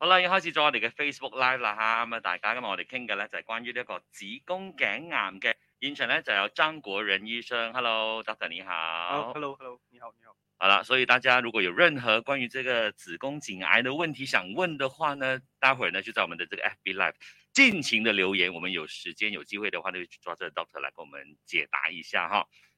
好啦，要開始做我哋嘅 Facebook Live 啦哈，咁啊，大家今日我哋傾嘅咧就係關於呢一個子宮頸癌嘅，現場咧就有張國仁醫生，Hello，Doctor 你好。Hello，Hello，你好，你好。好啦，所以大家如果有任何關於這個子宮頸癌嘅問題想問嘅話呢，待會兒呢就在我們的這個 FB Live 盡情的留言，我們有時間有機會嘅話就就抓個 Doctor 嚟跟我們解答一下哈。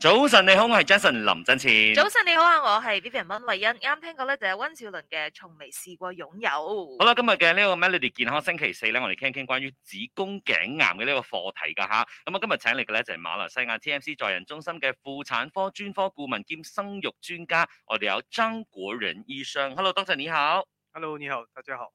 早晨，你好，我係 Jason 林振前。早晨，你好啊，我係 Vivian 溫慧欣。啱聽過咧就係溫兆倫嘅《從未試過擁有》。好啦，今日嘅呢個 Melody 健康星期四咧，我哋傾一傾關於子宮頸癌嘅呢個課題噶吓。咁、嗯、啊，今日請嚟嘅咧就係、是、馬來西亞 TMC 助孕中心嘅婦產科專科顧問兼生育專家，我哋有張國仁醫生。Hello，多謝你好。Hello，你好，大家好。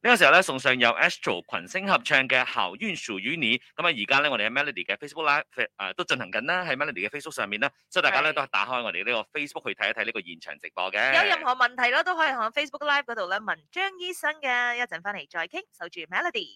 呢個時候咧，送上有 Astro 群星合唱嘅《校怨》屬於你。咁啊，而家咧，我哋喺 Melody 嘅 Facebook Live，誒、呃，都進行緊啦，喺 Melody 嘅 Facebook 上面啦，所以大家咧是都係打開我哋呢個 Facebook 去睇一睇呢個現場直播嘅。有任何問題咯，都可以喺 Facebook Live 嗰度咧問張醫生嘅。一陣翻嚟再傾，守住 Melody。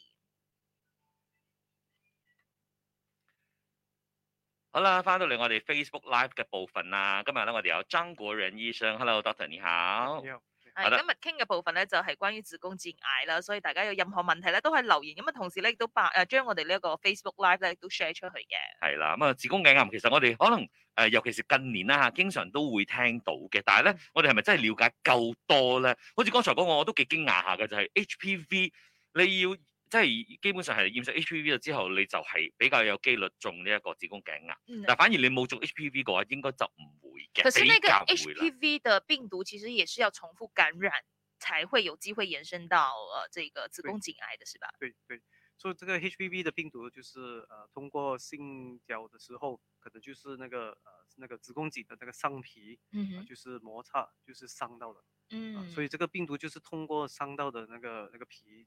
好啦，翻到嚟我哋 Facebook Live 嘅部分啦，今日咧我哋有張國仁醫生。Hello，Doctor，你好。Yeah. 誒，今日傾嘅部分咧，就係關於子宮頸癌啦，所以大家有任何問題咧，都可以留言。咁啊，同時咧亦都把誒、將我哋呢一個 Facebook Live 咧都 share 出去嘅。係啦，咁啊，子宮頸癌其實我哋可能誒，尤其是近年啦嚇，經常都會聽到嘅。但係咧，我哋係咪真係瞭解夠多咧？好似剛才嗰個，我都幾驚訝下嘅，就係 HPV 你要。即係基本上係驗上 HPV 之後，你就係比較有機率中呢一個子宮頸癌。嗯、但反而你冇中 HPV 嘅話，應該就唔會嘅。可是呢個 HPV 的病毒其實也是要重複感染，嗯、才會有機會延伸到誒、呃、這個子宮頸癌的，是吧？對對，所以這個 HPV 的病毒就是誒、呃、通過性交嘅時候，可能就是那個誒、呃、那個子宮頸的那個上皮、嗯哼呃，就是摩擦，就是傷到了。嗯、呃，所以這個病毒就是通過傷到的那個那個皮。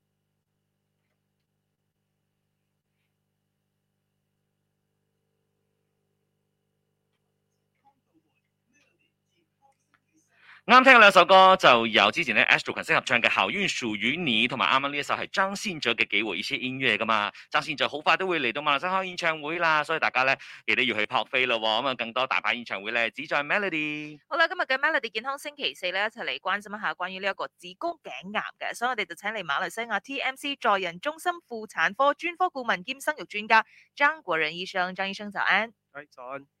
啱聽兩首歌，就由之前咧 Astro 群星合唱嘅《好運屬於你》，同埋啱啱呢一首係張信哲嘅《給我一些音樂》噶嘛？張信哲好快都會嚟到馬來西亞開演唱會啦，所以大家咧亦都要去撲飛咯。咁啊，更多大牌演唱會咧只在 Melody。好啦，今日嘅 Melody 健康星期四咧，一齊嚟關心一下關於呢一個子宮頸癌嘅，所以我哋就請嚟馬來西亞 TMC 助孕中心婦產科專科顧問兼生育專家張國仁醫生。張醫生早安。誒，早安。早安。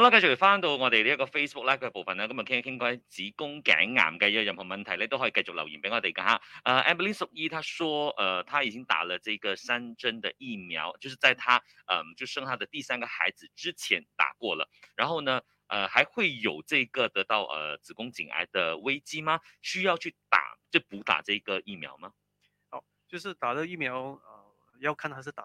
好啦，繼續返到我哋呢一個 Facebook Live 嘅部分啦，咁啊傾一傾關於子宮頸癌嘅任何問題咧，你都可以繼續留言俾我哋噶吓。啊，Emily，熟醫，e, 她說，誒、呃，她已經打了這個三針的疫苗，就是在她，嗯、呃，就生她的第三個孩子之前打過了。然後呢，誒、呃，還會有這個得到誒、呃、子宮頸癌的危機嗎？需要去打，就補打這個疫苗嗎？好、哦，就是打咗疫苗，呃、要看係是打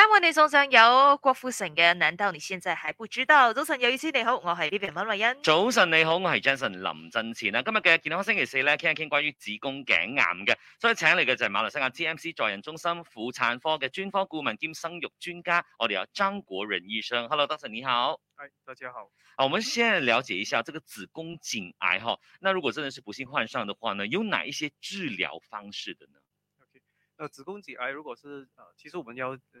今晚你送上有郭富城嘅，難道你現在還不知道？早晨，有意思你好，我係 B B 文慧欣。早晨你好，我係 Jason 林振前啦。今日嘅健康星期四咧，傾一傾關於子宮頸癌嘅，所以請嚟嘅就係馬來西亞 T M C 助孕中心婦產科嘅專科顧問兼生育專家，我哋有張國仁醫生。Hello，早晨你好。哎，大家好。好，啊，我們先了解一下這個子宮頸癌哈。那如果真的是不幸患上的話呢，有哪一些治療方式的呢？OK，誒，子宮頸癌如果是誒，呃，其實我們要誒。呃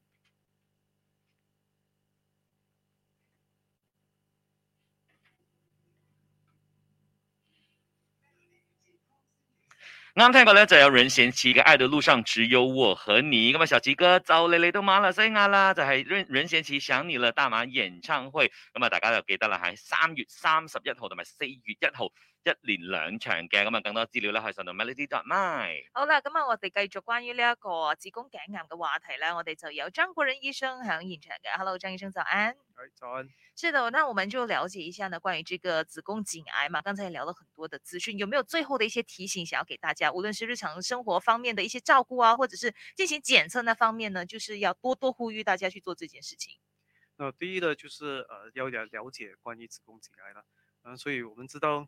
剛聽、嗯、過咧，就有「任賢齊《一個愛的路上只有我和你》那麼。咁啊，小齊哥早，嚟到馬來西亞啦！就係任任賢齊想你了，大馬演唱會。咁啊，大家就記得啦，喺三月三十一號同埋四月一號，一連兩場嘅，咁啊更多資料咧係上到 melody.dot.my。好啦，咁啊我哋繼續關於呢一個子宮頸癌嘅話題咧，我哋就有張國仁醫生喺現場嘅。Hello，張醫生早安。係早安。是的，那我們就了解一下呢，關於這個子宮頸癌嘛，剛才也聊了很多的資訊，有沒有最後的一些提醒，想要給大家，無論是日常生活方面的一些照顧啊，或者是進行檢測那方面呢，就是要多多呼籲大家去做這件事情。那第一呢，就是呃，要了了解關於子宮頸癌啦，嗯、呃，所以我們知道。